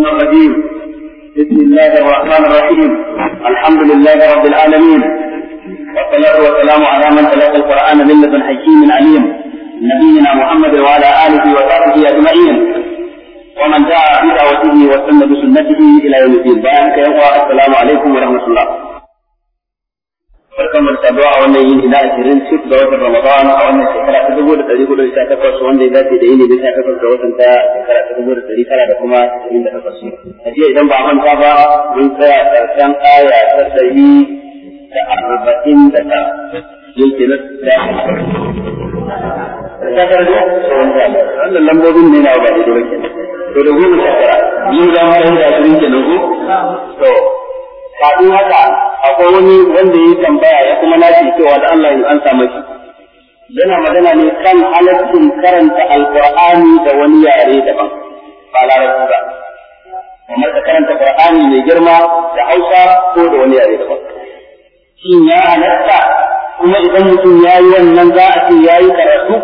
الشيطان الرجيم بسم الله الرحمن الرحيم الحمد لله رب العالمين والصلاة والسلام على من تلقى القرآن ملة حكيم عليم نبينا محمد وعلى آله وصحبه أجمعين ومن دعا بدعوته وسن بسنته إلى يوم الدين بارك السلام عليكم ورحمة الله farkon mu a wannan yini na ashirin ga watan Ramadan a wannan shekara ta dubu da hudu da takwas wanda ya dace da yini da takwas ga watan ta shekara ta dubu da tara da kuma ashirin da takwas. idan ba a manta ba mun tsaya ƙarshen aya ta da arba'in da ta yake na da wannan lambobin da akwai wani wanda ya tambaya ya kuma ce cewa da Allah an samu shi. yana magana ne kan halaccin karanta alqur'ani da wani yare daban ba larabci ba kamar ka karanta qur'ani mai girma da Hausa ko da wani yare daban shin ya halatta kuma idan mutum ya yi wannan za a ce ya yi karatu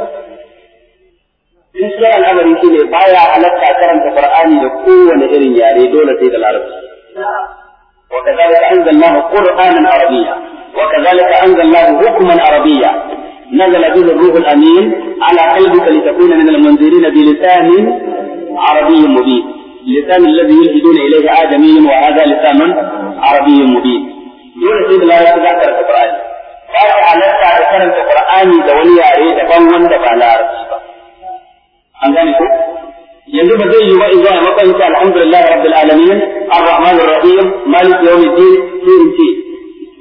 in sai al'amari shi ne baya halatta karanta qur'ani da kowane irin yare dole sai da larabci وكذلك أنزل الله قرآنا عربيا وكذلك أنزل الله حكما عربيا نزل به الروح الأمين على قلبك لتكون من المنذرين بلسان عربي مبين اللسان الذي يلجئون إليه آدمي وهذا لسان عربي مبين دون سيد لا يتذكر القرآن قال على تذكر القرآن دولي عريض بان أنت على عربي ذلك yanzu ba zai yi ba in zai matsayin ka alhamdulillah rabbil alamin arrahman arrahim malik yawmiddin sai in ce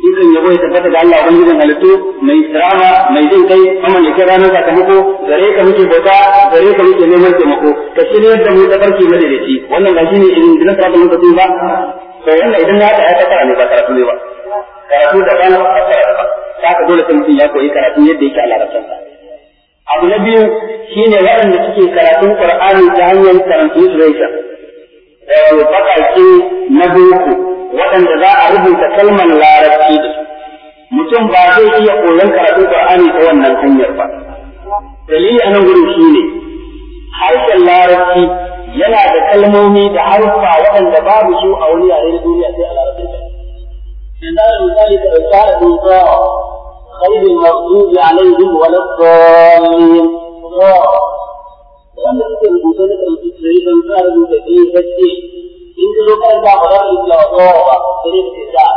idan yabo ya tabbata da Allah ubangijin halittu mai kirama mai jin kai kuma ya kira nan sakamako gare ka muke bauta gare ka muke neman taimako ka shirye da mu da barki madadaci wannan ba shine irin da nasara da muka ba to wannan idan ya ta ya ta ne ba karatu ne ba karatu da kana ba ta ka dole sai mutum ya koyi karatu yadda yake a larabcinsa abu na biyu shi ne waɗanda suke karatun ƙar'ani ta hanyar translation wato eh, baƙaƙe na boko waɗanda za a rubuta kalmar larabci da mutum ba zai iya koyon karatun ƙar'ani ta wannan hanyar ba dalili a nan shi ne. harshen larabci yana da kalmomi da harfa waɗanda babu su a wani yare na duniya sai a larabci da. misali ka غير المغضوب عليهم ولا الضالين wanda suke rubuta na karfi ko don sa ba ɗaya bacci in ka zo karanta ba za ka yi kula wa ba sai ka da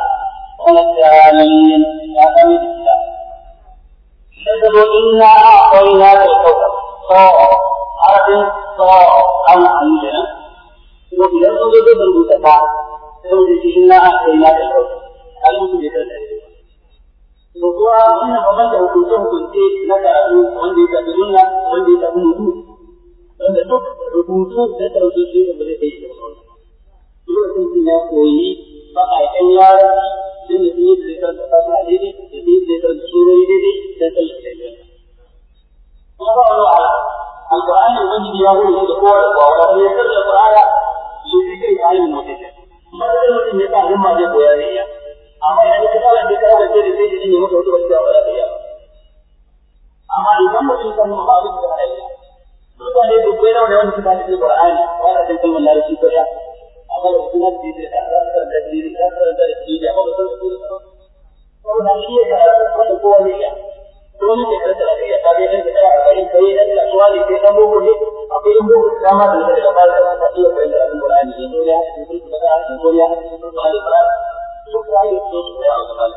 wani kalin ya kami da sai ka zo in na a kwai na yi kuma ba na na to kuwa wannan babban da hukunce hukunce na karatu wanda ya tafi sunna wanda ya tafi hudu wanda duk rubutu da karatu shi da bare sai da sunna lokacin sun ya koyi baƙaƙen yara sun da yi da karatu fata daidai da yi da karatu surori daidai da karatu daidai kuma ba wani wahala alƙur'ani ubangiji ya hulu da kowa da kowa wanda ya karanta qur'ana shi kai alim mutum ba da mutum ya ta himma zai koya ne amma idan dole sai ka zance da sai ne maka wasu gaskiya ba za ka iya amma idan mutum kan mu abin da halayya mutane da kai nawa ne wanda suka haɗe Qur'ani ba da cikin kalmar larabci ko amma da kuma da da da da da da da da amma da su da wannan shi ya karatu wanda kowa ne ya dole ne ka tsara ya tabe dan da kai kai kai dan da suwa ne kai dan boko akwai dan boko da ma da da ba da da iya kai da Qur'ani ne da ya haɗe da da da ya haɗe da da duk ya yi so su a gaban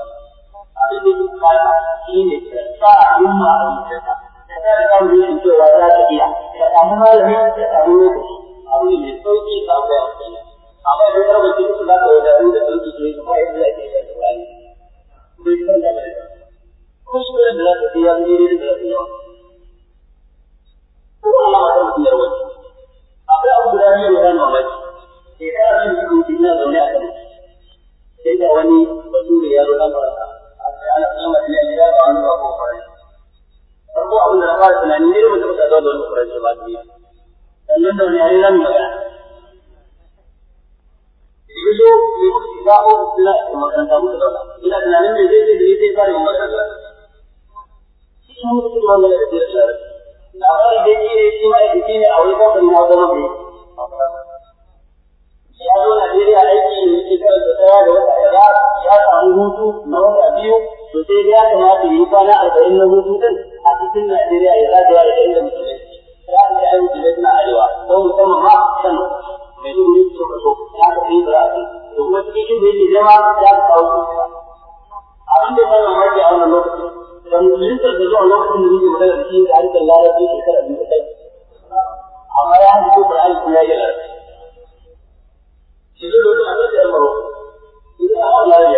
abin da duk kaya shi ne ta sa al'umma a mutunta ta ta da kan rikin cewa za ta iya ta samu malami ta samu lokaci abu ne mai sauƙi ta akwai amfani amma idan ka rubuta su za ka wadatu da sauƙi ke yi kuma yanzu ake yin da wani bai san da mai kuskuren da za ka iya yi da yawa kuma Allah ta mutum da akwai abu guda biyu da mamaki idan an yi rubutu na zaune a kan sai ga wani bature ya zo dan barasa a tsayar al'amari ne gida ba wani ba fara farko abin da na fara tunani ne mun tabbata da wannan farai ba ne sannan da wani ayi nan magana yanzu ba ko suna makaranta mu da ina tunanin me zai zai zai fara yin makaranta shi ne mutum wanda ya da shi na fara da shi ne shi ne a wani kamfanin zama bai ya zo Najeriya aiki ne yake karanta tsaya da wata kaza ya samu hutu na wata biyu to sai ya kamata yi kwana arba'in na hutu din a cikin Najeriya ya zagaya da inda musulmi ya ga ayyukan musulmi na arewa ko musamman ma kan mai duburi su ka so ya ka yi da rafi to kuma cikin inda yake zama ya ka kawo su abin da ya fara mafi a wannan lokacin da musuluntar da a lokacin da yake magana da shi da harkar larabci shekara biyu da kai amma ya hajji ko Qur'ani kuma ya yi larabci இதுல நல்ல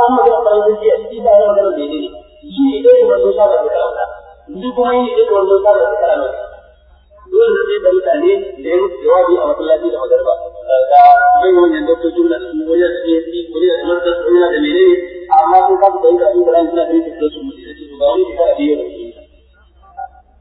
a masallaci da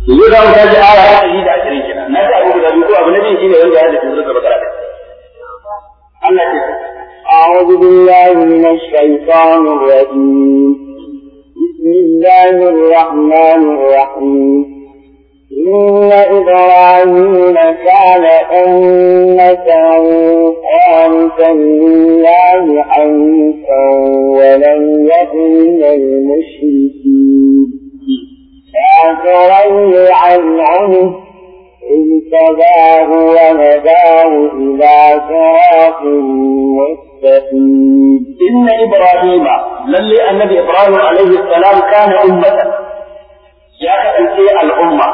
yanzu za mu tashi aya ta ɗari da ashirin kenan na ta abu da ko abu na biyu shine wanda ya hada sura ta bakara Allah ya أعوذ بالله من الشيطان الرجيم بسم الله الرحمن الرحيم إن إبراهيم كان أمة قانتا لله حنيفا ولم يكن من المشركين عن عنه اجتباه وهداه إلى صراط مستقيم إن إبراهيم للي النبي إبراهيم عليه السلام كان أمة يا في الأمة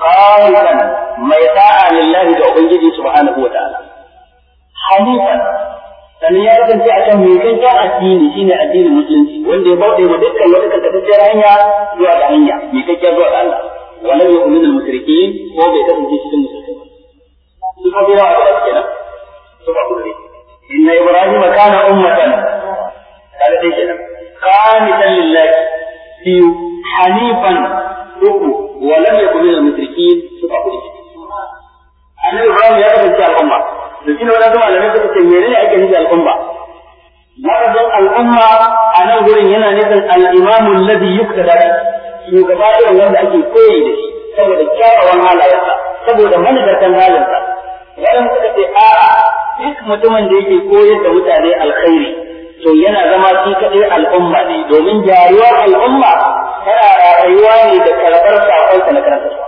قائلا ما يطاع لله لأبنجي سبحانه وتعالى حنيفا sannan ya kasance a can kan kyan addini shi ne addinin musulunci wanda ya bauɗe wa dukkan wata karkatacciyar hanya zuwa ga hanya mai mekakken zuwa ga Allah walau ya kuma umina musulki ko bai kasance cikin musulki ba su ka bira a kenan su ka kulle inna ibrahim kana ummatan kada dai kenan qanitan lillahi biyu hanifan uku lam yakun min al-mushrikeen su ka kulle annabi ibrahim ya kasance al'umma to shi ne wadansu malamai suka ce mene ne ake nufi al'umma lafazin al'umma a nan gurin yana nufin al'imamu ladhi yuktada shugaba irin wanda ake koyi da shi saboda kyawawan halayensa saboda managartan halinsa waɗanda suka ce a duk mutumin da yake koyar da mutane alkhairi to yana zama shi kaɗai al'umma ne domin jaruwar al'umma tana rayuwa ne da karɓar sakonsa na karanta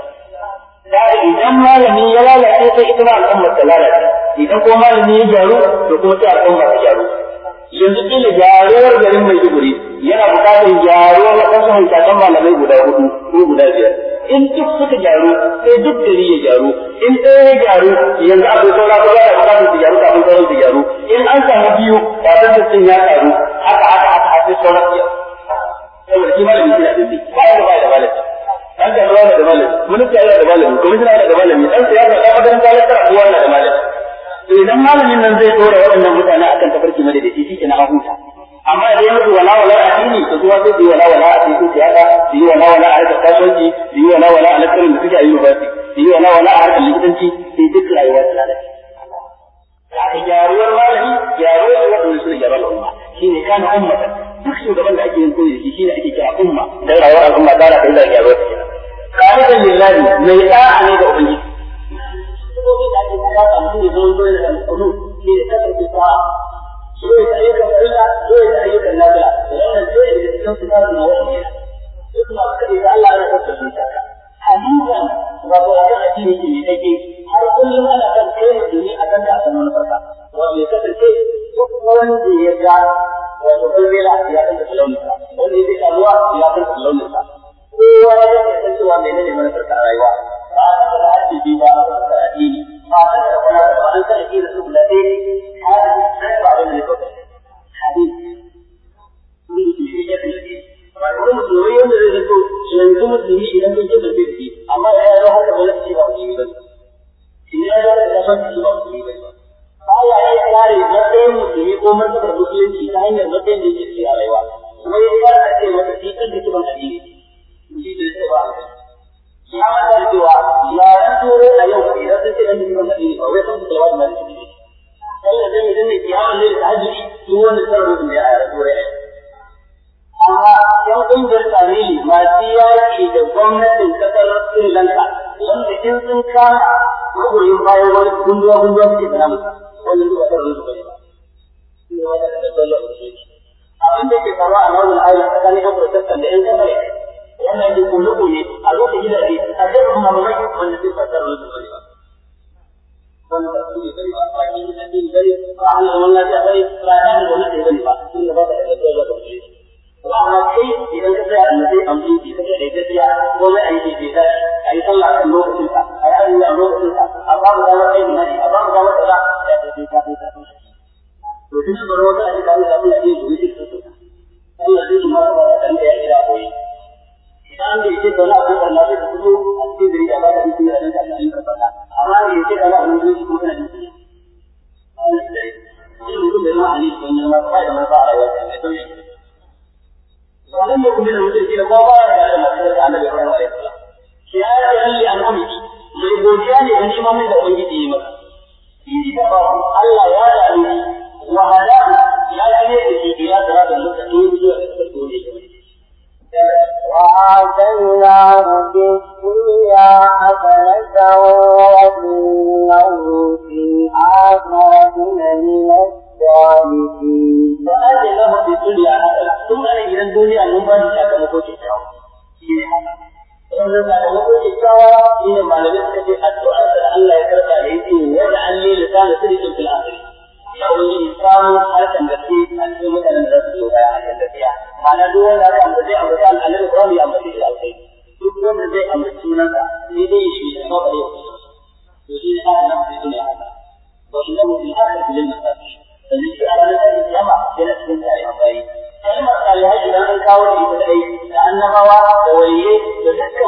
Tare idan malami ya lalace sai ita ma al'ummar ta lalace, idan ko malami ya gyaru to ko sai al'umma ta gyaru. Yanzu kila gyaruwar garin yana bukatar gyaruwar wasu malamai guda hudu ko guda biyar. In duk suka gyaru sai duk gari ya gyaru, in ɗaya ya gyaru yanzu akwai saura ko yana buƙatar su gyaru kafin sauran su gyaru. In an samu biyu ba ta sun ya gyaru haka haka haka sai sauran su gyaru. Saboda shi ba ya da ba da dan da yana da malami minista yana da malami komishina yana da malami dan siyasa dan wajen talakar yaka yana da malami to idan malamin nan zai dora waɗannan mutane akan tafarki madadaci shi ke na huta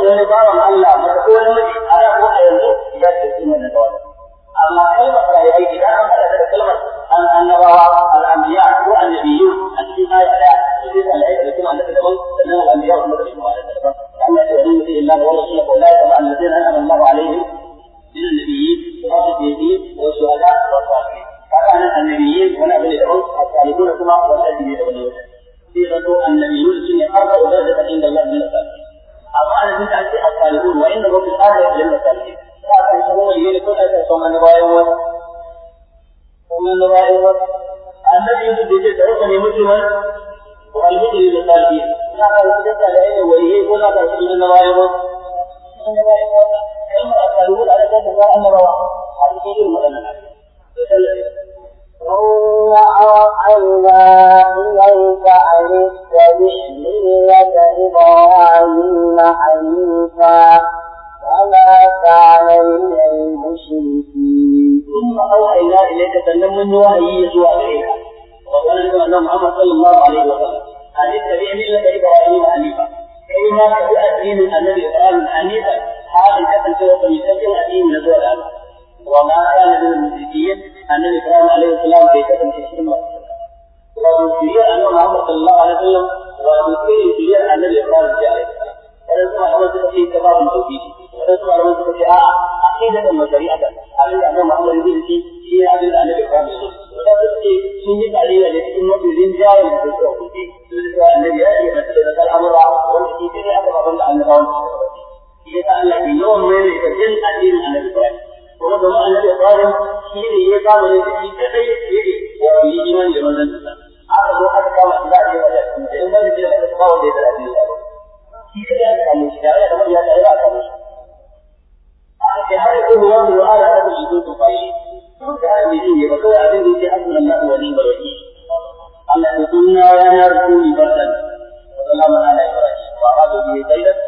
wani bawan Allah mata ko namiji shine ya kama ne shi kadai yake wato yi imani da manzon Allah aka zo aka kama shi za a je wajen da in ba shi da ba wanda ya da shi shi kadai aka kama shi da ya da ya da ya kama shi aka ce har ko ruwan ruwa ala da shi to fa shi to da ne ne ba ko abin da yake asman Allah wa ni baraki Allah ya kunna ya narku ibadan wa sallama ala ibrahim wa ala alihi wa sahbihi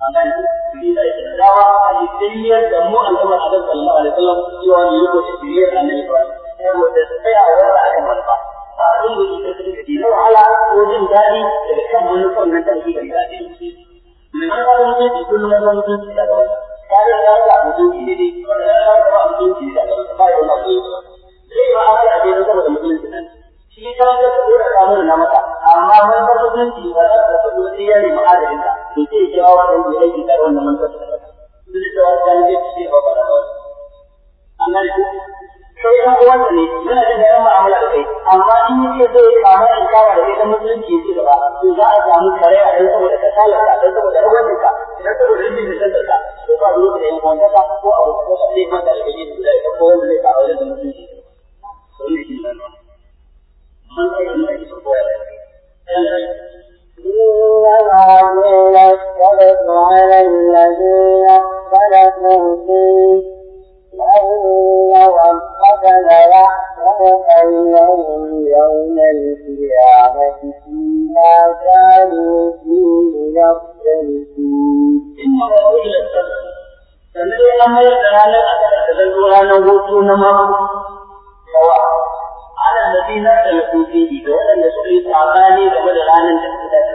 an shi da yake da mu al'umma a ne da na kuma ne da na mata amma wani mutunci ba za ka fi wani yari ma'adalin ka to sai ya wa da yi aiki da wannan mantar da ka duk da wannan ta shi ba ba da annan ku sai an uwan ne yana da yawan mu'amala da kai amma in yake zai kama in kama da kai da mutunci yake gaba to za a samu kare a dan saboda kasala ka dan saboda rawanin ka idan saboda rijin da san ka to ba dole da yan wanda ka ko abu ko sai man da kai da ko wanda zai kawo da mutunci to ne kin nan man kai على الذين اختلفوا فيه لأن ربك ليحكم بينهم يوم القيامة فيما كانوا فيه يختلفون. sannan ya mayar da ranar asar da ranar hutu na mako da ala ladina da waɗanda suka game da ranar da dace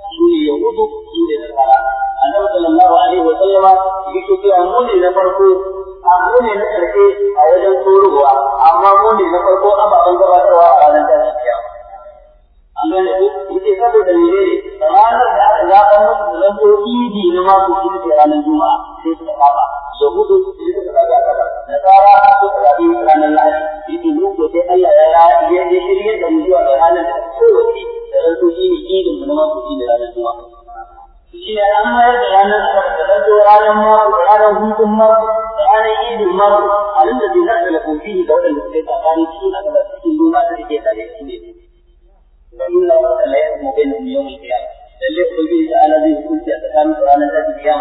su ne su ne nasara annabi sallallahu alaihi wa sallama yake cewa mu na farko a muni na karshe a wajen turuwa amma muni na farko ababen gabatarwa a ranar tashin kiyama an gane ku yake saboda menene ranar da aka zaɓa musu da zanto idi na mako shi ce ranar juma'a sai suka saba yahudu sai suka zaɓi a gaba nasara suka zaɓi ranar lahadi yake muku sai Allah ya ya shirye da mu zuwa ga ranar da kowace da zanto shi ne idin mu na mako shi ita ranar juma'a shi ne an mayar da ranar asabar da ranar mako ranar hutun mako ranar idin mako a nan da na da lafofi ga waɗanda suka yi tsakani cikin asabar cikin duba da suke tare shi ne domin na wata layar mu bai nan yau mai lalle ko bai da a tsakanin da ta biyar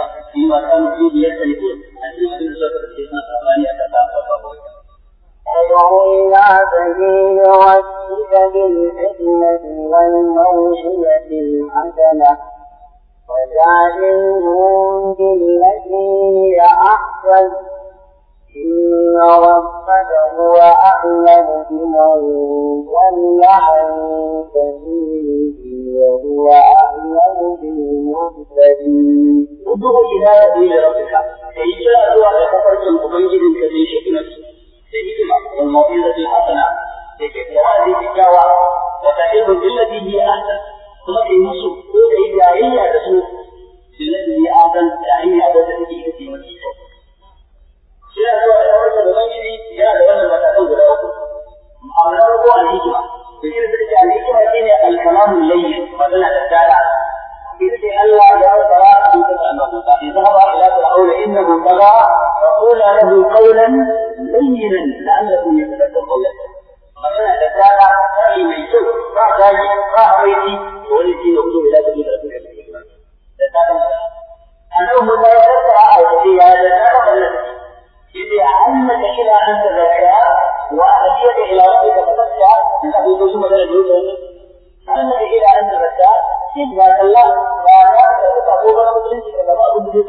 a cikin da a وجادلهم بالتي هي أحسن إن ربك هو أعلم بمن ضل عن سبيله وهو أعلم بالمهتدين ادعوا إلى سبيل ربك كي جاء هو كفرت أبنجد الذي شكلت سبيلا والموعظة الحسنة لكي توازي بالدعوة وتعلم بالتي هي أحسن ثم كي yi jayayya da su billahi ne azan da hanya wadda take ita ce mafi kyau shi na zuwa da wata da bangiji yana da wannan matakan guda uku amma na farko al-hikma da shi da take al-hikma shine al-kalamu layyin magana da tsara إذ الله يا ترى ذهب إلى فرعون إنه طغى فقولا له قولا لينا لعله يتذكر أو يتذكر magana da tsada tsari mai kyau ba gaji ba awaiti da wani shi ne wuce da rasul da da tsada annabi Musa ya tattara a wajen ya da tsada wannan yace annaka ila da yau annaka ila an tazakka in ba Allah ba ka ta ko ba mutunci da ba abin da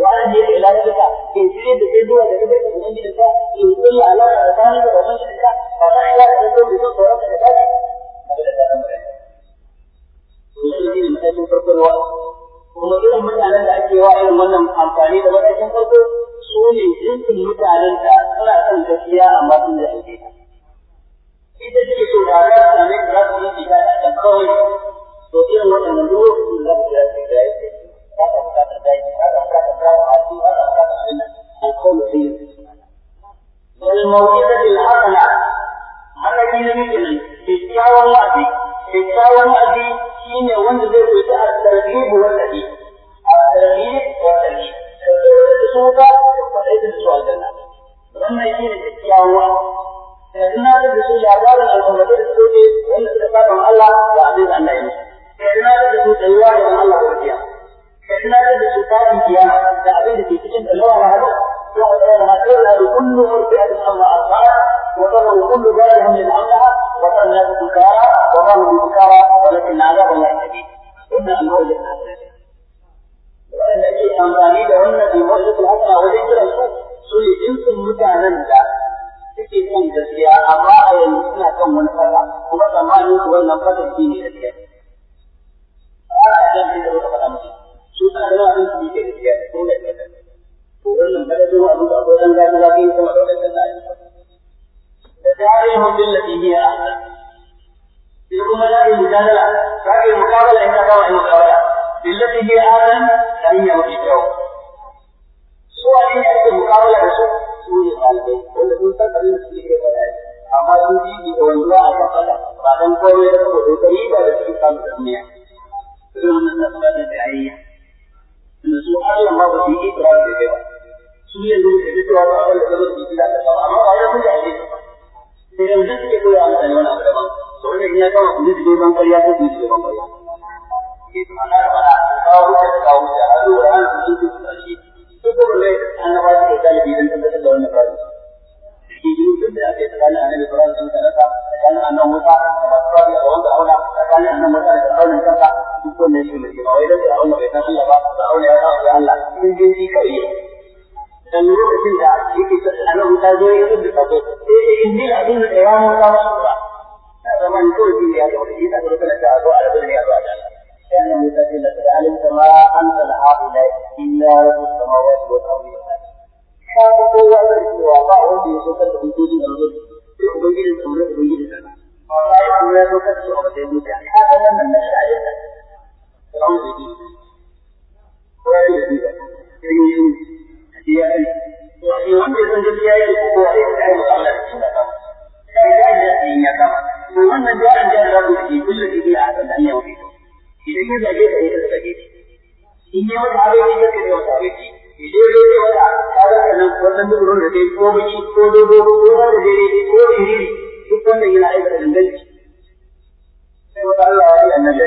وأنا هي إلى ذلك كيفية تجدوا لذلك من أجل الله يقول على أرسال ومن أجل الله وما إلى ذلك بسوط ورسل ذلك فبدأ الأمر ويجب أن يكون فرق الوقت kuma irin mutanen da ake wa irin wannan amfani da matakin farko su ne jinsin mutanen da suna son gaskiya amma sun da ake ta. Ita ce so da za su same da za su yi shiga a kan kawai to irin waɗannan duk lokacin da su ya ce da ya ce ba ka bukatar daji ba da hasana malaki na kyakkyawan wa'azi shine wanda zai koyi ta tarbibu wannan wanda ya saba Allah in dai shi kariya dan lokacin da yake annabi ta zo ya rubuta sako sai ya inni a dun da ya mun kama sura zaman to shi ya ga wani da kuma kana da abu a rabin ne a ba da sai annabi ta ce da alim kama anta al-hafiz illa rabbus samawati wal ardi ka ko kowa da cewa ba wanda ya so ka da hukunci da zo sai ubangiji da ubangiji da Allah ya so ka da ubangiji da haka wannan na shari'a kowa ya yi da sai yi shi ya shi da da da da da da da da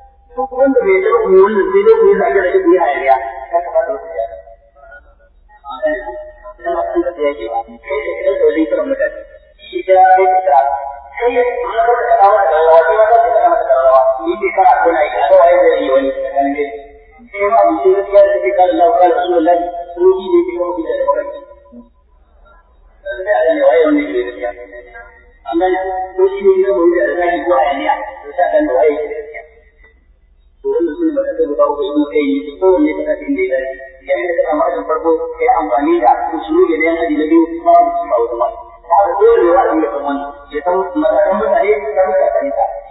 ko wanda bai taɓa ku wannan sai dai ku yi zage zage ku yi hayaniya ya kamata ya dan ba da yake ba da shi da kai da da da da yi wani Allah da wani da ya amma ko shi ne da mu da zai usul maganganun da uku ibn kai ko wanne ka tafi inda ya yayin da ka samu ajin farko ka yi amfani da usulubi na yan aji na biyu ba da su ba wata ma ta da dole wa ya san wannan ya san matakan mutane da suka karanta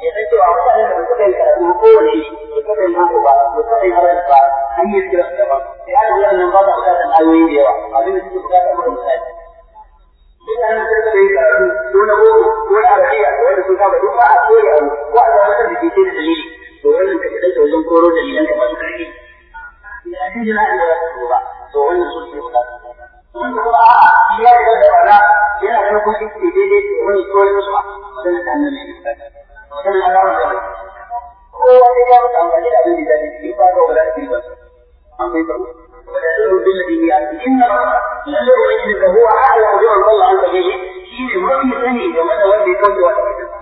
ya san cewa mutanen da suka yi karatu ko wanne ne suka yi boko ba suka yi haram ba an yi kira su daban sai an yi wannan ba da bukatar ayoyi da yawa abin da suke bukatar mu da misali mutanen da suka yi karatu ko na boko ko na arabiya wanda sun saba duk ba a koya ko a zama da ke da dalili to wannan ka kaɗai da wajen koro da idan ka ba ya ce jira da ya fito ba to wannan su ke sun ko a ya da da wala yana da kuma shi daidai da wani koro su ba sun da nan ne sun da ba da kowa sai ya mutu amfani da abin da ya dace ba ga wala da ba an bai ba وتدعو هو أعلم بمن ضل عن سبيله شيء مكي سني ومتى ولي كل واحد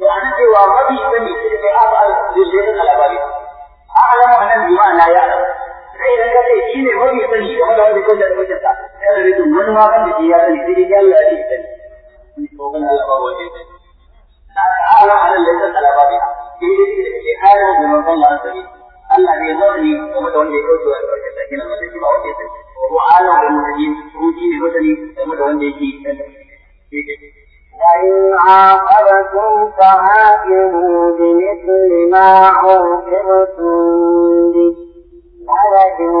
ma'ana cewa mafi sani shi ne abu al zai da labari a alamu a nan bima na ya sai idan shi ne mafi sani game da wanda kawai da wajen sa sai da wani kan da ke ya sani sai dai ya lura shi sani ko kan Allah ba wanda na ka ala halal da kan labari dai shi da ke hayar da Allah sani Allah ne masani da wanda ya kauce wa wajen sa kina wanda shi ba wanda ya sani wa alam da ne da wanda yake sani فإن عاقبتم فعاقبوا بمثل ما عوقبتم به ولئن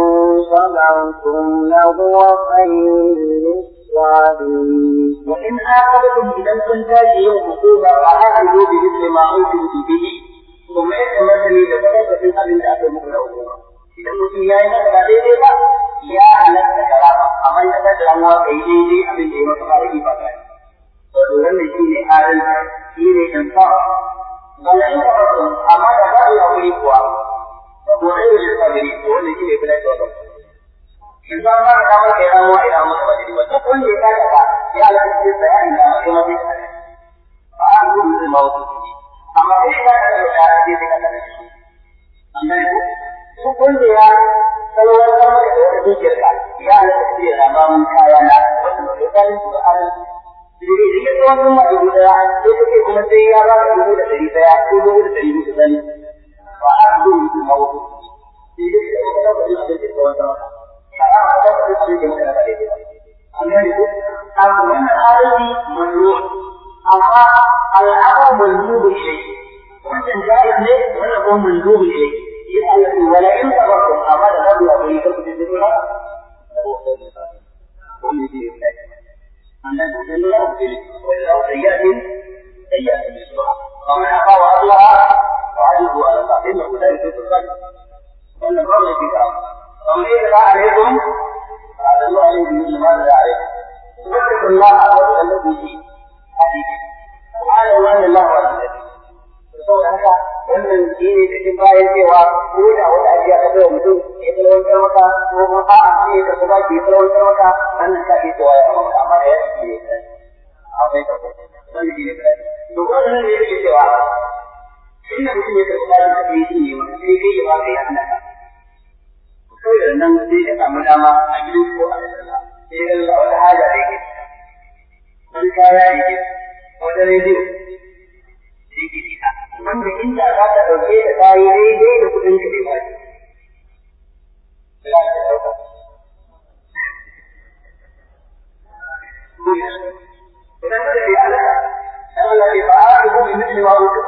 صبرتم لهو خير للصابرين وإن عاقبتم إذا كنت تاجي عقوبة فعاقبوا بمثل ما عوقبتم به ثم يتمثل لبدأت في قبل أبي مغلوبة idan mutum ya yi masa ba daidai ba ya halatta karama amma idan ka da an wa kai daidai abin da ya masa ba da ba wato wannan shi ne adalci shi ne infa wala in ka rasu amma da ba ya wuri kuwa ko dai da sabiri ko wannan shi ne bila da wannan in ba ma da ba kai rawa ila mu ba dai duk ya ka ba ya alƙi shi bayani da kuma bi ba an gudu da amma kai ka da da dai da kana shi amma duk wanda ya salwar da wani dukiyar ka ya shi da mun kaya na wannan da kan in ka tsawon sun ma dubu ɗaya sai ka ce kuma sai ya ba ka dubu da ɗari ɗaya ko dubu da ɗari musu zani ba a dubu musu hawa sai dai ka ɗauka ɗauka ɗauka ɗauka ɗauka ɗauka ɗauka ɗauka ɗauka ɗauka ɗauka ɗauka ɗauka أمن الأرض ممنوع أما الأرض مندوب إليه وأنت جائز ليه وأنا هو مندوب إليه يسأل ولئن تبرتم أما لم يكن يكتب في الدنيا أن تكون الأرض وإذا سيئة سيئة مثلها ومن أقام أهلها وعجبوا على الله إنه لا يجوز الرجل وأن الرجل في الأرض ومن إذا عليكم فعلى الله عليكم مثل ماذا لا عليكم واتقوا الله واتقوا الذي حديث سبحانه وأن الله هو الذي haka wannan shi ne cikin bayan cewa ko da wata ajiya ta bai mutum ya talwantar maka ko kuma a'a shi ne karɓi baki ya talwantar maka wannan ta ke cewa ya maka amma da ya ce ne ta ko wannan shi ne bayani to wannan ne yake cewa inda mutum ya karɓi baki ta shi ne wanda sai kai ya baka ya hana ko da nan sai ka samu dama a gidan ko a gidan sai ka zama wata haja da yake wani kaya yake wani rediyo da yake wanda inda za ka ɗauke ta ta yi daidai da kuɗin ka ne ba shi. Idan ka ce Allah, Allah ya ba'a da kuma mutum ma wuce.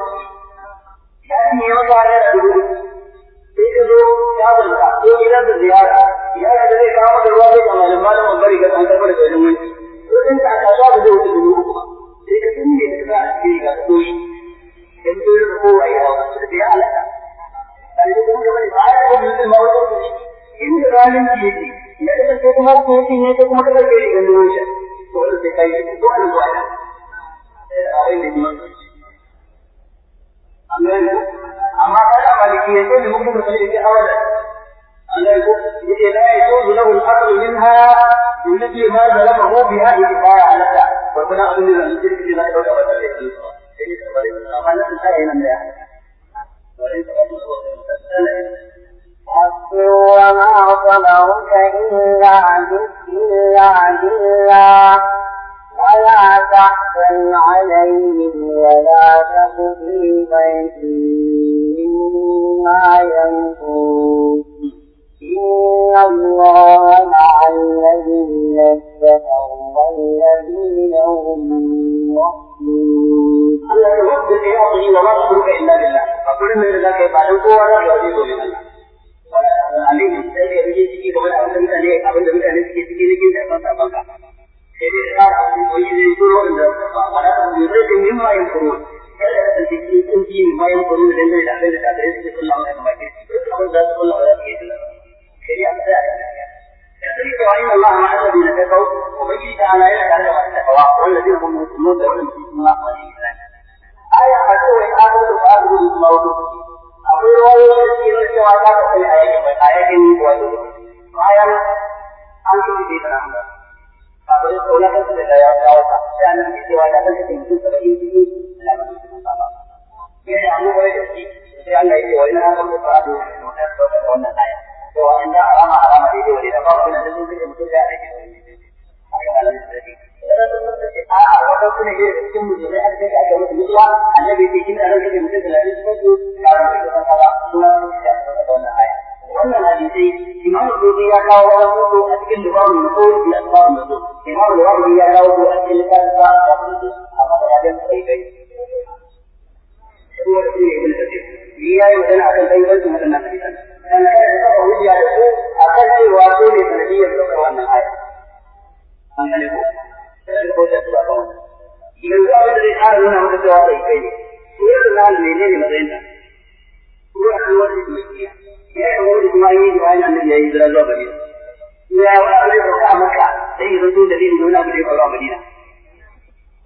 Ya ne ya wata ne da dubu. Sai ka zo ya barka ko gidan da ziyara. Ya da zai kawo da ruwa zai kama da malamin bari ga an tabbata da wani. Ko ɗin ka kasuwa da zai wuce dubu uku. Sai ka tunne da ka za a ce ga koyi. yanzu ya zama waye hawa da bai halaka ba. kuma da ya kasance kuma kuma yi ba ya a da Allah ya ko ya yi alaka kuna abin da zan yi da na dauka ba da yake وما صبرك إلا إلا بالله ولا تحزن عليهم ولا تك في ضيق مما يمكرون إن الله مع الذين اتقوا ne kin da ta shari'a ta tsaya da يدرك وان الله مع الذين كفروا وبين تعالى يجعل لهم التقوى والذين هم يؤمنون لهم في الله آية فتوى آخر الآخر الموضوع أقول وهو يسير سوى ذلك في آية آية وجوه وآية أنت في الأمر فأقول قولك سبحانه وتعالى كان في سوى ذلك في جزء من الأمر يعني أنه يجب أن يكون هذا المقابل من الأمر to wa'in da alama alama daidai wa daidai babu da zai zai mutum ya aiki a'a wato yi da cikin mutum ya da aka mutu mutuwa annabi ke kin mutum da lafiya ko ko da wani da kaza kuma da wannan aya wannan hadisi imam Bukhari ya kawo wannan ko a cikin dubaru ne ko da asbabu ne imam Bukhari ya kawo ko a cikin littafin sa amma da hadisi kai kai هو الذي يكون الكثير ليا يمكن أن تنتهي ثم تنتهي dan kada ka kafa hujja da su a kan cewa su ne sanadiyyar saukar wannan aya. An gane ko? Sai ko ta tuba ba wannan. Yanzu abin da zai ƙara nuna maka cewa bai kai ne. Suratul Nahl menene matsayin ta? Suratul Wasit Makkiya. Ya yi kamar kuma an yi jima'i annabi ya yi zira zuwa Madina. Ya wa Allah ya sa maka sai ya zo dalilin nuna mu da ya faru a Madina.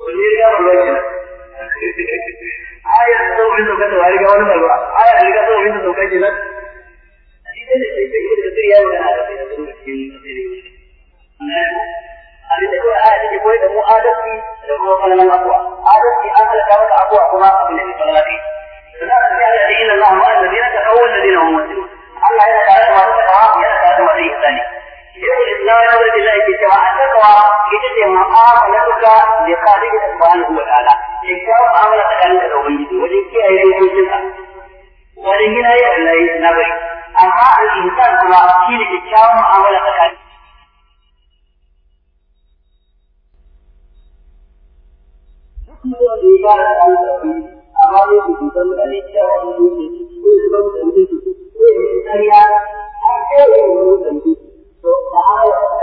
Wani ya ga ruwa kenan. Aya da sau bin saukar da ba riga wani malwa ayar riga sau bin saukar ke nan shi ne da sai ibn kasir ya wani ayar da sau bin kasir abin da kawai ayar take koyar da mu adalci da kuma falalan akwa adalci an halaka maka akwa kuma abin da ke falalaki a cikin alladina Allah ma'an ladina ta kawai ladina wa mutum Allah yana tare da masu takawa yana tare da masu ihsani شيخ الاسلام يقول الله كتاب التقوى يجد معاملتك لخالق سبحانه وتعالى كتاب معاملة كانت الأولية ولكي أيضا يجدها ولكن أيضا لا يتنبه أما الإنسان هو شيء كتاب معاملة كانت Thank you. to da aya ta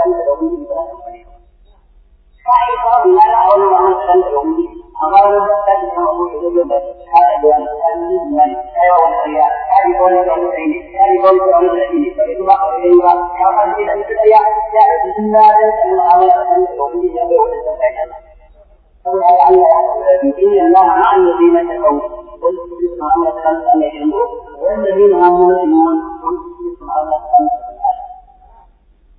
kan na aure wannan kan da wuri amma wannan ta da kan wuri da da ta da wannan kan da wuri kai wannan ya kai wannan da wuri ne kai wannan da wuri ne bai kuma aure ba ka kan da da ya ya da dinna da Allah ya kan da wuri da wannan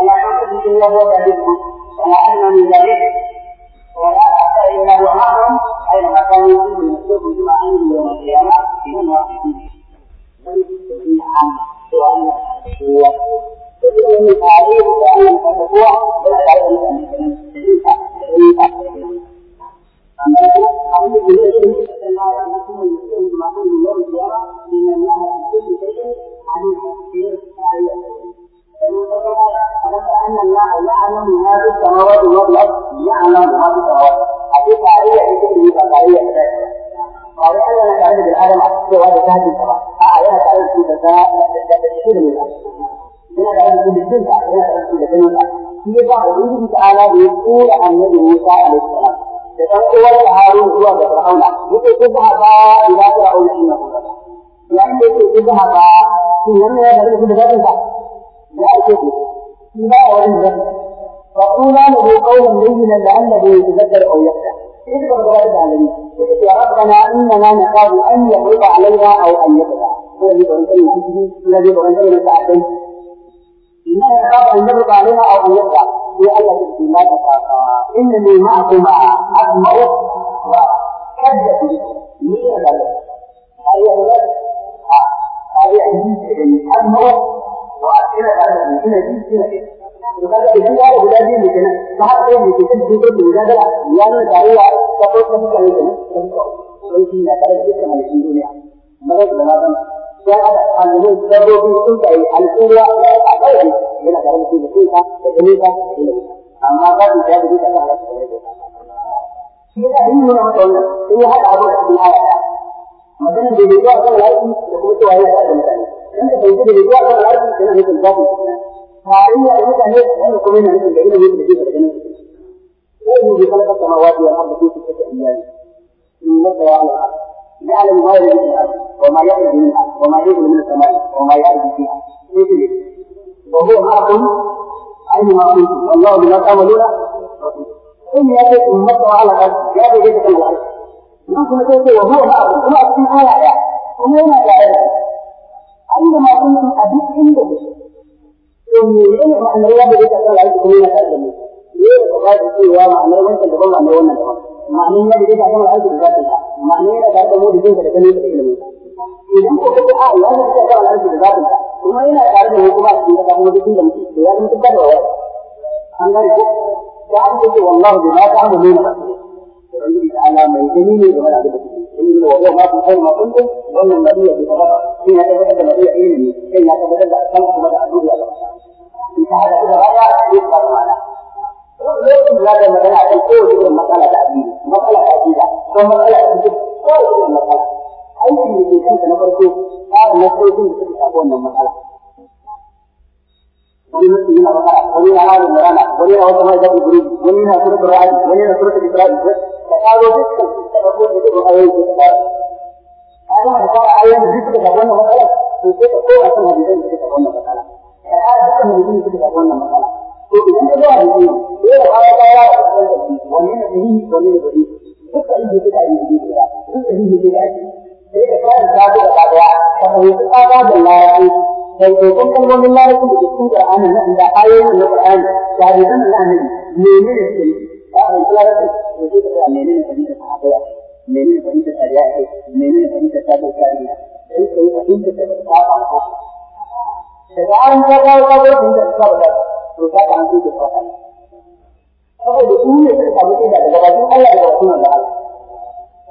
ala ko ya ko ko ko ko أو أن يرضى هو الذي يقول كلمة الذي يقول كلمة إنما يخاف أن يرضى عليها أو أن يرضى في أن التي لا تخافها إنني معكما أسمع وكذب لي غير هذه الغد هذه عندي أسمع وأسئلة هذا من هنا دي هنا وهذا إذن قال ولادي لكنا فهذا قول لكتب في كل ولادة لأن دعوة تقول لك أنه يمكن أن ترى الذكر من الدنيا مرض بنادم جاءت هذه الدبوب تنتهي الأولى بعدين من أجل في مسيحة وجميلة أما قد جاء به تعالى Kita ini yang tahu, ini hak Abu Sufyan. Mungkin di video akan lagi, itu ayat ada dan itu di video akan lagi dengan hukum babu. Hari ini ini kan ini hukum ini ini ini ini ini ini di kalau sama wajib yang harus kita ini. Ini Allah. Dia alim wajib. وما يخرج منها وما ينزل من السماء وما يعرج فيها وهو معكم اينما كنتم والله بما تعملون ان ياتي امته على الارض ياتي بيتك على الارض منكم تاتي وهو معكم وما اكتم على وما هنا على اينما كنتم ابيت عندكم ان يعلم ان الله بيتك على الارض كلنا تعلمون ليه وقال في وانا انا وانت اللي والله انا وانا معنيه بيتك على الارض بذاتها معنيه لا تموت بيتك على الارض idan ko kace a ya ga ta Allah da kuma yana tare da hukuma a cikin kan wani da muke ya zama duk da wani an gane ko da an ce wallahi da ma ta amalu ne da Allah mai gani ne da wani abu da in da wani ma kun san ma kun wannan nabiya da ta ba ina da wani da nabiya ilimi sai ya tabbatar da kan kuma da addu'a Allah in ta hada da raya ne ba ma'ana lokacin da ga magana kan kowace irin matsala da addini matsala da addini ko matsala da duk kowace irin aiki ne ke kanka na farko tsarin nasarojin da suka shafi wannan matsala wani mutum yana matsala. wani yana halin marana wani yana wata mai zaɓi guri wani yana surutu ra'adi wani yana surutu isra'i ka ƙaro dukkan da ɗauko da ɗauko yau ke tsara ka gama da fara yau da suka shafi wannan matsala to sai ka kowa kan hadisan da suka shafi wannan matsala ka ƙara dukkan hadisan gini suka shafi wannan matsala to idan ka zo a hadisan sai da baya baya da ɗauko da wani ne sahihi wani ne bari dukkan hadisan da ake yi da dukkan hadisan ke yi sai ka karanta su gaba ta ka fahimci tsada da larabci da kokon kalmomin larabci da cikin qur'ani na inda ayoyin na qur'ani da hadisan na annabi menene suke ka fahimci larabci to sai ka ga menene fahimta ta akai menene fahimta ta riya akai menene fahimta ta da shari'a sai ka yi fahimta ta da ta ba da zaran ka ga ka ga fahimta ta ba to ka ka an ce ka fahimta saboda su ne suka samu da daga bakin Allah da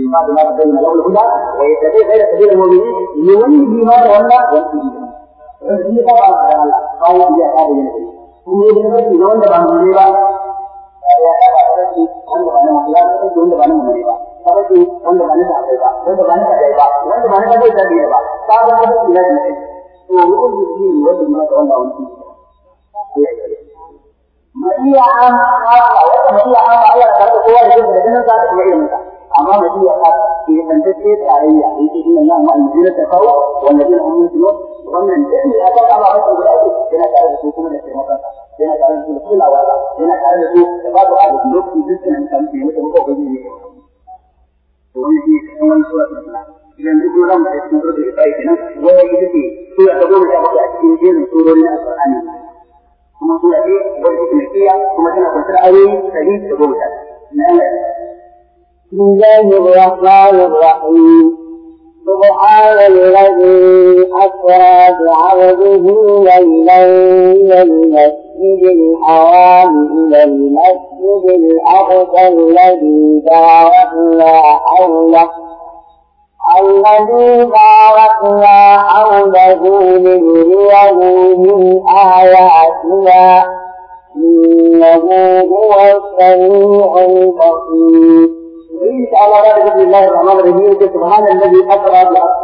فيما بما بين له الهدى ويتبع غير سبيل المؤمنين يوليه ما تولى ويؤتيه طبعا على الله قال يا هذا ينبغي ثم يجب ان يكون عند بعض المنيبه يا هذا تركي عند بعض المنيبه تركي عند بعض المنيبه تركي عند بعض المنيبه عند بعض المنيبه عند بعض المنيبه زي ذلك بعض هذا الى ذلك ويقول بالدين يولي ما تولى ويؤتيه Mariya an haka wata mariya an haka Allah ta rabu kowa da jinsa da jinsa da kuma ilminsa. amma mutum ya fara ke tantance tarayya in ce inna na ma'al jina ta kawo wanda jina an wannan jini a kan amma wasu guda uku yana tare da su kuma da taimakon yana tare da su da kulawa yana tare da su da babu a duk lokacin dukkan an samu taimako ko gaji ne wani shi kan wani idan duk wani zamu sai sura da ifa kenan wanda ita ce sura ta goma sha bakwai a cikin jerin kuma sura ce wanda take kuma tana kwantar ayoyi ɗari da goma sha na Allah بسم الله الرحمن الرحيم سبحان الذي أسرى بعبده ليلا من المسجد الحرام إلى المسجد الأقصى الذي باركنا حوله الذي باركنا حوله لنريه من آياتنا إنه هو السميع البصير قوله تعالى قال بسم الله الرحمن الرحيم سبحان الذي أسرى بعبده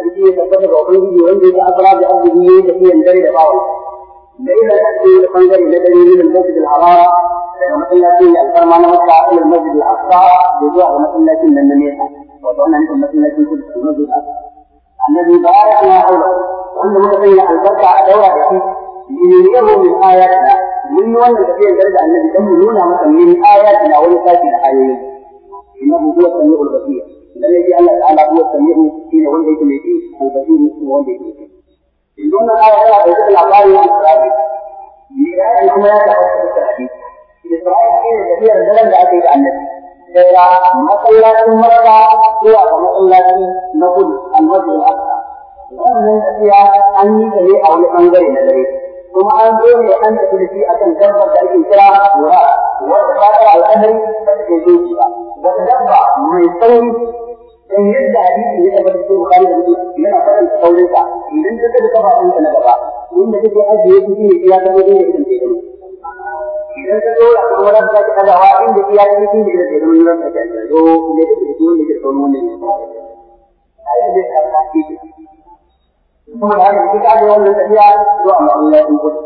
الذي يتكبر وقلبه وعنده أسرى بعبده كثيرا جرد باوله لئن تأتي الخنجر الذي من المسجد الحرام مثلا في الفرمان وسع إلى المسجد الأقصى بجوع مثلا في النميمة وضعنا لكم مثلا في كل المسجد الأقصى الذي باركنا حوله وأنه مثلا البركة دورة فيه لنريه من آياتنا من يولد كثيرا جرد الذي تمنون مثلا من آياتنا ولساتنا آياتنا إنه هو السميع البصير لأن يجي الله تعالى هو السميع حين وين يجي ميتي والبصير حين وين يجي ميتي إن دون الآية هي بيت العقاري والإسرائيل لآية ما يتحدث بالتحديد إسرائيل حين كثير الزمن لأتيت عن النبي إذا مصلى مرضى هو كمصلى نقول المسجد الأقصى ومن فيها أن يسمي أو لأنظر إلى ذلك kuma an zo ne an tafi da shi akan dabbar da ake kira wura wanda ba ta al'adari ta ke doki ba da dabba mai sauri dan yadda hadisi ya ta cikin Bukhari da Muslim yana faɗin saurin sa idan ta tsaya kafa ɗin na gaba inda kake ajiye shi ne ta zama da idan ka yi idan ta dora kuma wani ka ki ɗagawa inda iya yi shi ne idan ka yi wani ka ki ɗagawa ne kake da shi wanda ke sauran wannan ne ai da zai karɓa shi kuma da haka duk aka wannan tafiya zuwa masallacin kudu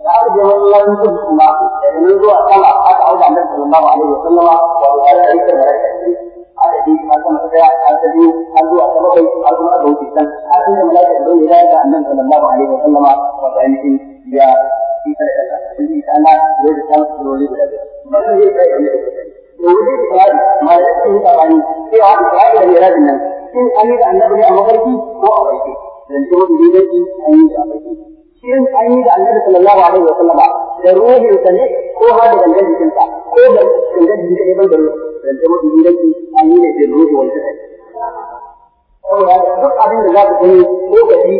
da aka Da masallacin kudu kuma ya nan da sama aka auka nan sallallahu alaihi wa sallama da a yi da rakaci aka bi har sama ta daya har ta da har zuwa ta bakwai har kuma aka wuce can har inda malaikar yi da annan sallallahu yi wa sallama wato ainihin ya yi da kasa in insha Allah zai da kan surori guda biyar ba zai yi da yana da kuɗi da wuri da tsari malaikar sun tsabani sai a haɗu da da mirajin nan shin an yi da annabi ne a mafarki ko a barci zance mafi an yi da abai shin an yi da annabi sallallahu alaihi wa sallama da ruhin sa ne ko ha da gangan jikin sa ko da jikin ne ban da ruhi an yi da ruhi wanda duk abin da za ka gani lokaci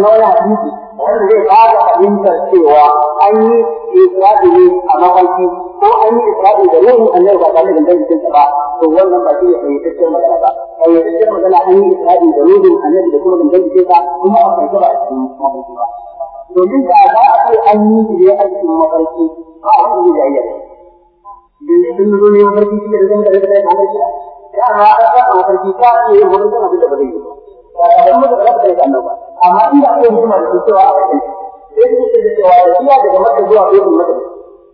na wani hadisi wanda zai fara fahimtar cewa an yi isra'i ne a mafarki ko an yi isra'i da ruhun annabi ba tare da gangan ba to wannan ba shi ne kayyataccen magana ba kayyataccen magana an yi isra'i da ruhun annabi da kuma gangan jikinsa kuma a farke ba a cikin mafarki ba domin da za a ce an yi ne a cikin mafarki ba a cikin jayyar domin sun zo ne mafarki shi da zan gare da ta hanyar gida ya ma a ta mafarki ta ne wurin da ba zai yi ba ba a zama da ba ta yi amma inda aka yi da cewa a cikin sai suke da cewa tafiya daga maka zuwa bebin maka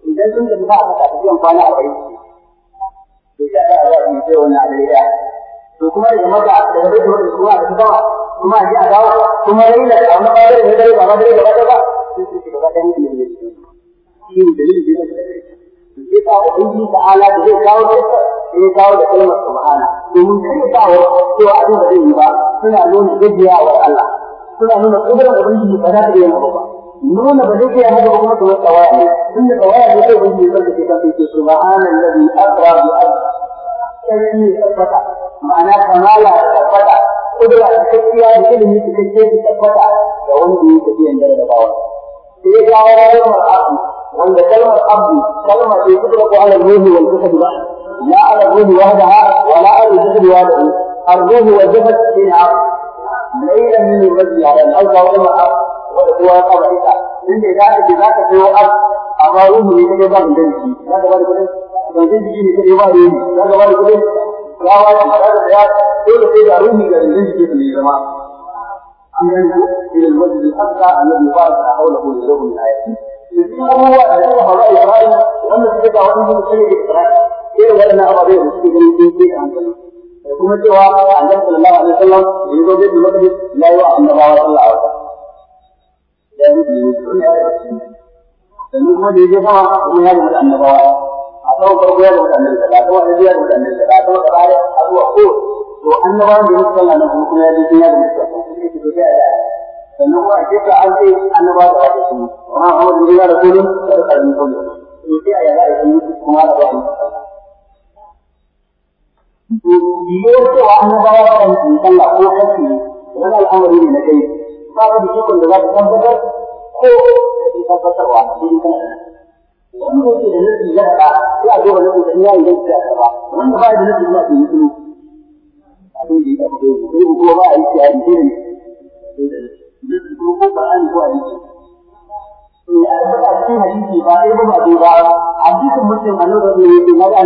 idan sun da ba a maka tafiyan kwana arba'in to sha ta zuwa sun sai wani abu ya to kuma daga maka daga bebin maka kuma a tafi kuma a ji a dawo kuma raina a wani ɓangare ne dare ba ma dare ba ɗaya ba sun suke gaba ɗaya ne ne shi ne da ya zai sa ubangiji ta da zai kawo kisa In kawo da kalmar subhana domin kare kawo cewa abin da zai yi ba suna nuna gajiya wa Allah suna nuna kudurar ubangiji ba za ta iya ba nuna ba zai yi haka kuma kuma tsawaya ne tun da ne kai wani mai sarka ke kan sai ke subhanan ladhi da bi abdi sai ne tabbata ma'ana kamala tabbata kudura da kakkiya da ilimi da kakke da tabbata ga wanda ya tafi yan da bawa sai ya kawo kalmar abdi wanda kalmar abdi kalma ce kudura ko ala ruhi wal jasad ba la ala ruhi wahdaha wa la ala jasad wahdahu الروح والجسد في العقل ليلا من الرجل على الأرض والمرأة saboda kowa ya saba ita tun da idan aka za ka kai amma ruhu ne ba da shi za ka ba da kuɗin ban zai jiki ne kaje ba da yi za ka ba da kuɗin rawa ce za ka saya dole sai da ruhu da zai jiki ne zama an gani ko ila almasjid al-aqsa alladhi barakna hawlahu li yawm al-ayati cikin abubuwa da kuma faru a Ibrahim wanda suka ga wani mutum sai da Ibrahim irin waɗannan ababe da suke ganin sun sai da hankali da kuma cewa annabi sallallahu alaihi wasallam da da ya yi wa annabawa sallallahu alaihi wasallam ɗaya mutu ne su ne a da a da an ce annabawa amma yi kuma da annabawa da mutu sallah ko kashi wani al'amari ne na kai ba ka da da za ka tabbatar ko da ke tabbatarwa a cikin kan wanda yake da nufi ya da sai a duba da ya yi da ya ba wanda ba da nufi ma ke yi kuma abin da ya tabbata ko kuma ba a yi ya yi da ne ko ko ba a yi ya eh, a cikin hadisi ba ba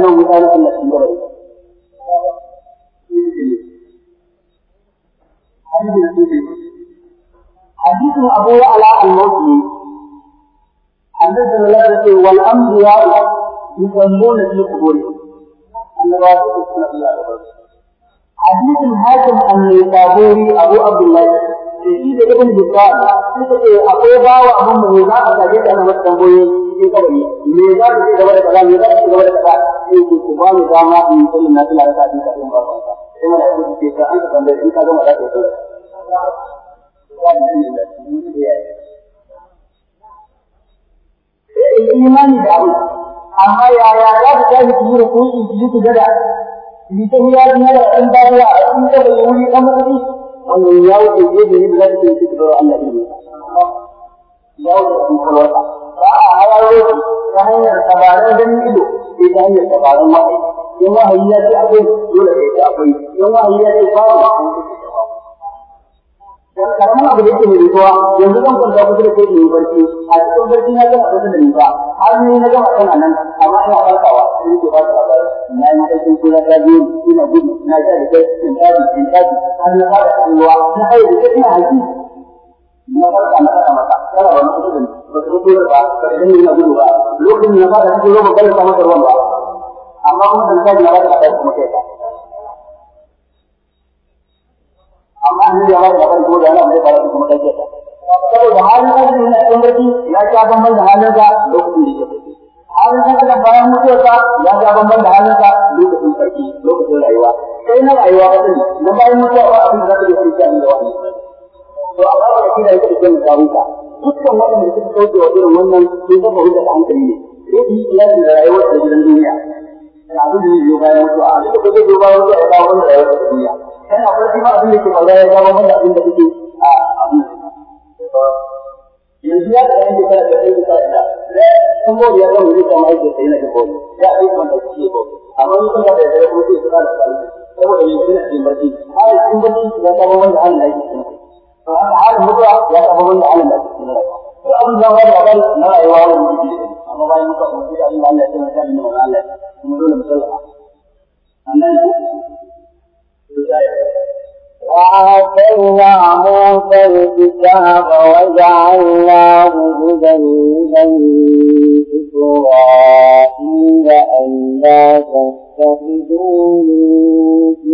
na حديث أبو يعلى الموسي حدثنا لك والأنبياء يسمون في قبورهم النباتات السلام حديث الحاكم أبو الله Shi da ibn Hisab suka ce akwai bawa abin da za a sake ta na tamboyi cikin kabari me za ka ci gaba da kaza me za ka ci gaba da kaza sai ku ku ba mu dama in kullu na tilawa ta cikin kabari ba ba da ce da za amma yaya za ku tashi ku yi rukuki ku yi sujada ni ta hiya ni da an ba ruwa in da bai wuri ɗan kudi wannan ya wuce ne da ni da ku ci da Allah ne ya wuce ku wata? ba a hawaye ta hanyar tabaran ganin ido sai ta hanyar tabaran wahayi Yan wahayi ya ce akwai dole sai akwai Yan wahayi ya ce babu karamin mai yanzu zan kwanta kusa da kai a cikin barci na gama kusa da nan amma ina farkawa sai yake ina gudu da kai da ina farka ba lokacin fara cikin ya samu da ruwan ba amma kuma da na ba ta kuma kai duniya ba da labarin ko da yana kuma na ya lokacin da ya lokacin rayuwa ba abin da yi da to a dukkan suka kauce wa irin wannan sun zama wuce hankali ne sai yi lafiya da rayuwar da gidan duniya da abin da zai biyo bayan mutuwa duka zai biyo bayan mutuwa ya kawo wannan rayuwar da duniya dan akwai kuma abin da ke magana ya zama mana abin da a abin yanzu ya da kana da ta gobe ya zama sai na jin gobe ya gobe amma ni kuma da sai saboda yanzu na cikin barci har barci ya zama wanda to haka mutuwa ya zama wanda to abin da wani labari na rayuwa amma bayan muka kuma sai abin da Allah ya da Allah kuma dole mu sallama annan وآتينا موسى الكتاب وجعلناه هدى لبني إسرائيل أن لا تتخذوا من دونه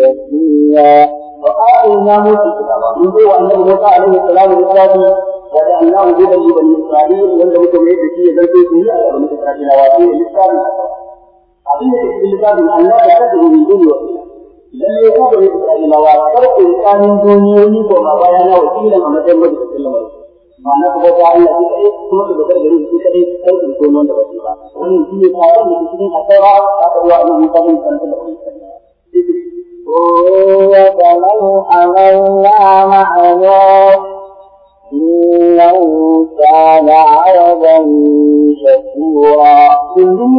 وكيلا وآتينا موسى الكتاب من هو موسى عليه السلام الإسرائيلي وجعلناه هدى لبني إسرائيل ولم يكن في فيه بل كيف هي ولم تتخذ نوافيل الإسرائيل أبين أن لا تتخذوا من دوني وكيلا lalle ku bane da kar ku yi tsamin duniyoyi ko ma baya na wakilan a matsayin da lamarin ma'ana ko bauta Allah ku kai kuma ku dogara gare ku kai kar ko koyi da ba ba shi ne tsarin da cikin asawa ta dawo a nan kan kan da ku وكمن أمنا معه إنه كان عرضا شكورا. من دون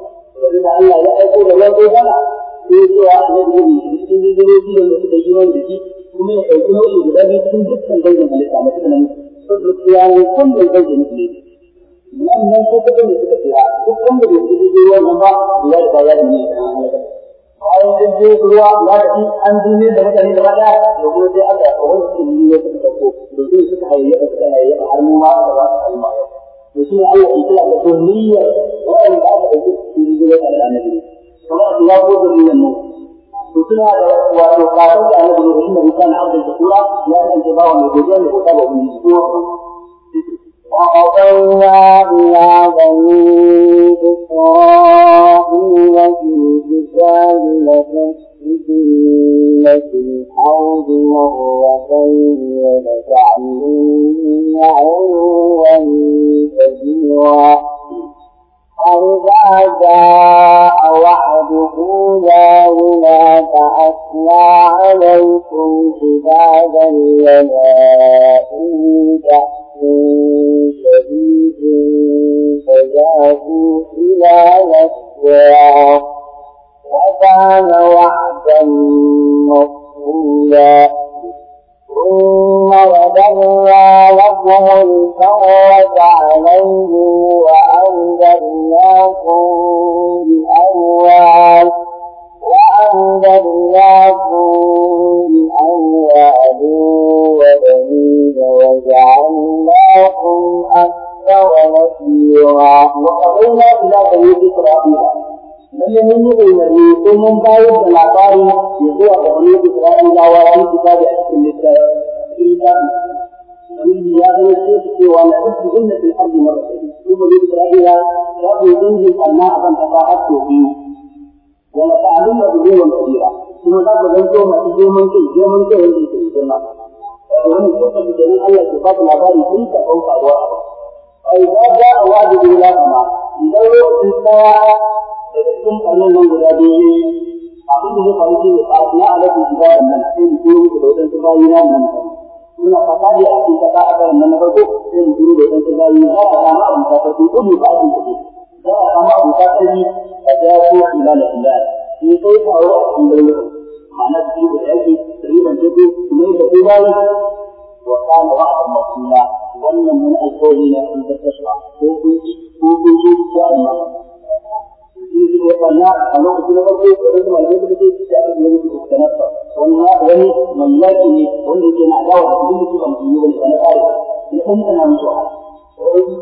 abin Allah ya aiko da ruwan gobara ko cewa annabi ne cikin jirgin da suka yi wani jiki kuma ya ɗauki nau'i guda biyu cikin dukkan dangin halitta masu da namiji saboda ne kan da dangin mutum ne wannan ko kudin da suka tsira duk wanda bai ci jirgin ruwan nan ba ya riga ya da ne ya kan halaka bayan jirgin ruwa ya tafi an duniya da mutane gaba ɗaya da kuma sai Allah ya kawo su ne ya suka ɗauko da suka hayayyafa suka hayayyafa har ma da ba su halma mutum Allah ke kira da ko niyyar wannan da aka dauki cikin jirgin da annabi kuma su ya ko da niyyar mu to tuna da wato kafin da annabi ne inda mutum na aure da kura ya san ke ba wani gobe ne ko ta ba mun so وقضينا إلى بني إسرائيل في الكتاب لتسكنوا لتسجدن في الحوض مرتين ولتعلمن علوا كبيرا فإذا جاء وعد أولاهما فأثنى عليكم عبادا لنا إن شديد فجاءوا إلى نسوى وكان مغفورا ثم ودرنا لكم الكرة عليهم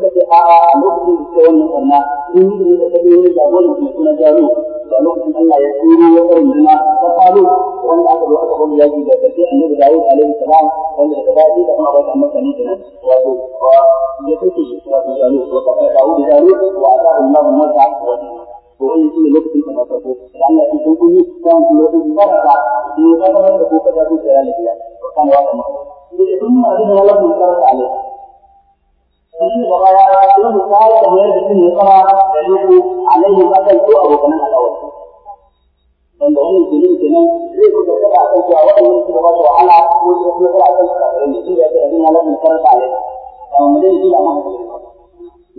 suka ce a a lokacin da suka wannan barna sun yi da ta biyu da wannan mai suna jaru da lokacin Allah ya turo ya karin juna ta faru wanda aka zo aka bari da karshe annabi Dawud alaihi salam wanda daga baya sai da kuma ba ta mutane da wato ya take da jaru wa ka Dawud jaru wa ata Allah mata wa ko in shi lokacin da ta ko dan ya tun kun yi kan lokacin barka in ka ga da ko ka da ku da lafiya kan wa kuma duk abin da Allah ya karanta alaihi وغيرهم قال غير بسنه طبعا يليق عليه القتل او كمان الاول wanda wannan jinin kenan zai kuka saba a kan cewa waɗannan su da wasu wahala ko su kuma saba a kan su kafirai ne shi da yake abin halar da karanta a yau amma mu dai kila ma da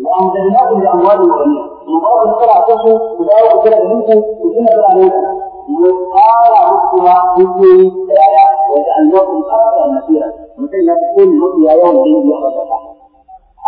wa an zanna ku da amwalin gani mu ba ku sara a kansu ku dawo ku kira ganin ku ku gina biranen ku mu fara muku ma dukiyoyi da yaya wanda an zo ku fara da nasira mutum ya fi kowane mafi yawan dangi a wata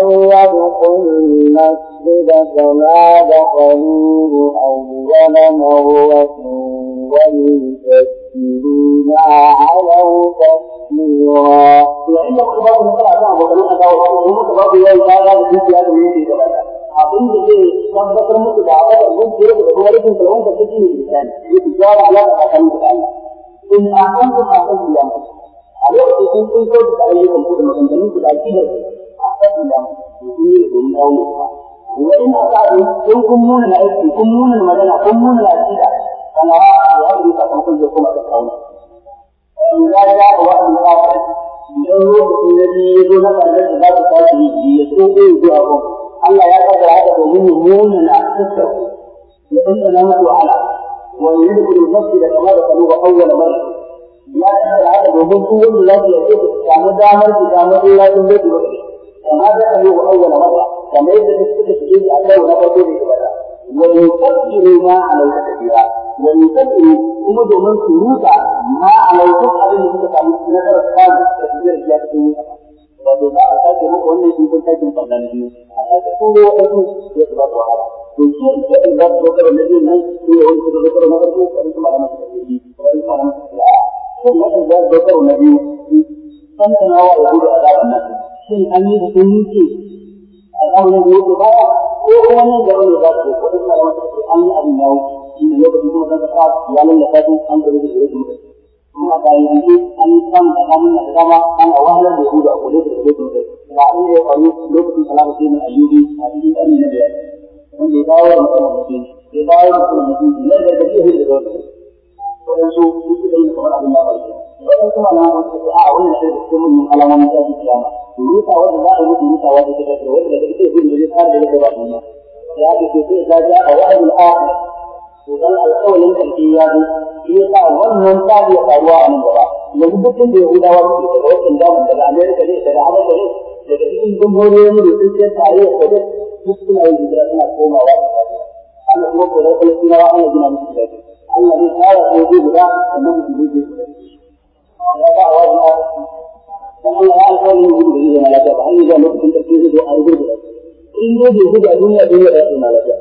أن يدخلن المسجد كما دخلوه أول مرة وليكبروا علوا تكبيرا. da zai tabbatar musu da haka da da a da wani na tsari don kun muna na aiki kun muna na magana kun muna na tsira kana ya yi ka kun kun kuma ka kawo ni ya ga wa an ta ta don ruhu ne ji ya zo na kallon da ba ta ta yi ya so ko yi zuwa ko Allah ya ka da haka domin mu muna na tsira ya san da ala wa yi ku da nafsi da kamar da kallon awwal ya ka da haka domin kun wanda za ku yi damar ku samu Allah kun da كما wa أول مرة كما يجب أن تكتب أنه نفر به كبدا ويكبر ما عليك كثيرا ويكبر هم دومن سروطا ما عليك أبن يتكتب من الأرسال كثير إجابته wato za a sake muku wannan shi kun takin farna na biyu a sake kuma waɗansu ya su ba su wahala to shi ya ce in za su dokar na biyun nan su ne wani suka dokar na farko wani kuma da masu kake yi wani kuma da masu kake yi a kan waɗanda za su dokar na biyu sun tanawa da gudu a zaɓen nan shin an yi da sun yanke al'auran ne ko baya ko kuma nan gaba ne za su yi kuɗin malaman da an yi abin yawo shi ne lokacin kuma kan kasa ya lallata su an gari da gari mutum kuma a bayan yanzu an yi samun tsakanin da dama an a wahalar da yahudu a kule da gari mutum ba an yi faru lokacin salama sai mai ayyubi a cikin ƙarni na biyar wanda ya dawo da matsalar mutum ya dawo da matsalar mutum ne da gari yahudu da gari waɗansu su suka yi kamar abin da ba ke waɗansu malaman da ce a wannan sai da suke mun alamomin tafi kiyama rusa wanda za a mutu rusa wanda ta kasar wanda da ita gudu zai fara da yadda ba su ya ake ce sai ta ja a wa'adin akhir to dan alƙawalin karfi ya zo shi ya sa wannan ta ya faruwa a nan gaba yanzu duk da yahudawa suke daga wasan damu daga amerika ne daga amurka ne daga cikin jamhuriyoyin da sun ce tare da kwadar duk suna yin hijira suna komawa a kasa ana kuma korar falastinawa ana gina musu gidaje Allah zai tsara ko zai guda sannan mutum zai je ya ba a wajen dan Allah ya alƙawarin yin gudu da lafiya ba an yi zuwa lokacin ƙarfi zai zo a yi gudu in dai bai gudu a duniya duniya ya tsina lafiya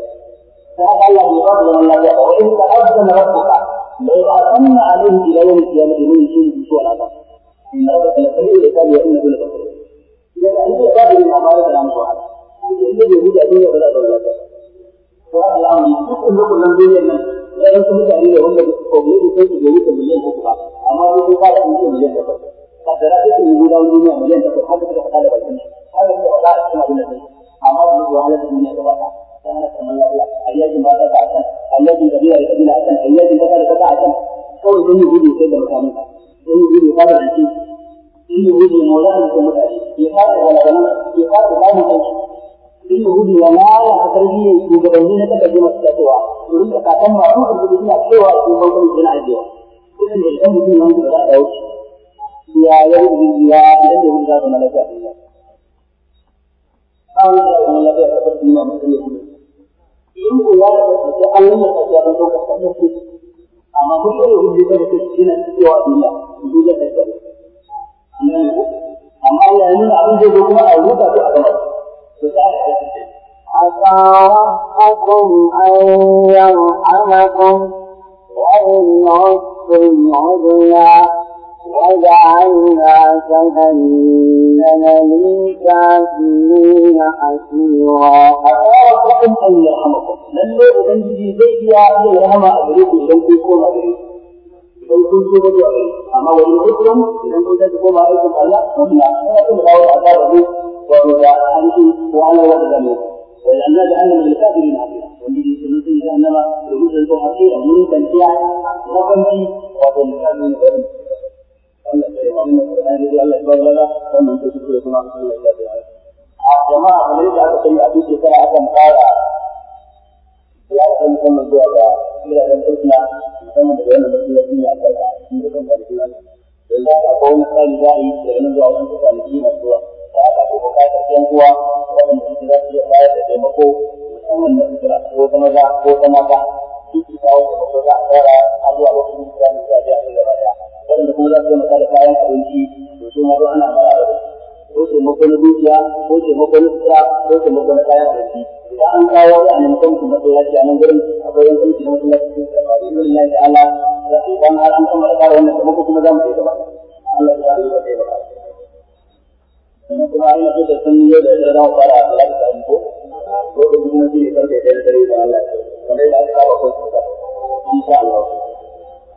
ta haka Allah bai ba da zaman lafiya ba wai ta arzika na rabbuka da ya tsanna alaihi ila yawmi qiyamati min sun bi suwa lafa in da ka da kai da ka da an ce ba da ma ba da nan ko haka in dai bai duniya ta lafiya ko Allah ne duk inda kullun nan ya yi mutane da wanda ko ne da sai su gobe miliyan uku ba amma duk ba da miliyan takwas kaddara dukkan yahudawan duniya miliyan takwas haka ta faɗa da bakin haka suka faɗa a cikin abin amma su zuwa halar duniya da ɗaya dan haka kamar lafiya ayyajin ba ta ta akan ayyajin kabila da kabila akan ayyajin kasa da ta akan kawai sun yi gudu sai da mutanen ka yi gudu kada da shi sun yi gudu maulana da mutane ya fara walwalan ya fara samun aiki sun yi gudu ya laya a karfi shugabanni na ta masu tasowa su rinka kakan masu gudu suna cewa su mawukan suna ajewa kusan da idan mutum nan da za a yayin zuciya idan da yin zaɓi na lafiya da yawa. Kawai ya yawan lafiya a ƙarfi na mutum ya kuma. In ko ya da ƙarfi an yi mai tafiya don ɗaukar ƙarfi su. Amma kun ɗaya hujji ta da ta yana cewa duniya, su da ƙarfi. Amma ya nuna abin zai zo kuma a rubuta su a gaba. Su ta yi ƙarfi. عسى ربكم أن يرحمكم وإن عدتم عدلا وجعلنا جهنم للكافرين حسيرا. أراكم أن يرحمكم، لن يؤمن kun amma wani idan kun koma da domin a wanda ke yi da da kuma ba da akan fara ya ga musamman zuwa ga gidajen kurkuna musamman daga wannan masallaci kuma yi su iya bayar da taimako za a tsara a zuwa lokacin da za yi gaba daya wanda kuma za su kayan abinci to su ma ana fara da ko na dukiya ko na ko na kayan abinci an kawo kuma ya ce a nan gurin akwai wani kunci na masallaci da ke faru da har an wannan kuma za mu gaba Allah ya yi kuma an yi da sun yi da fara a ko ko da kuma shi ne karfe da dare da Allah kamar aka saba ko insha Allah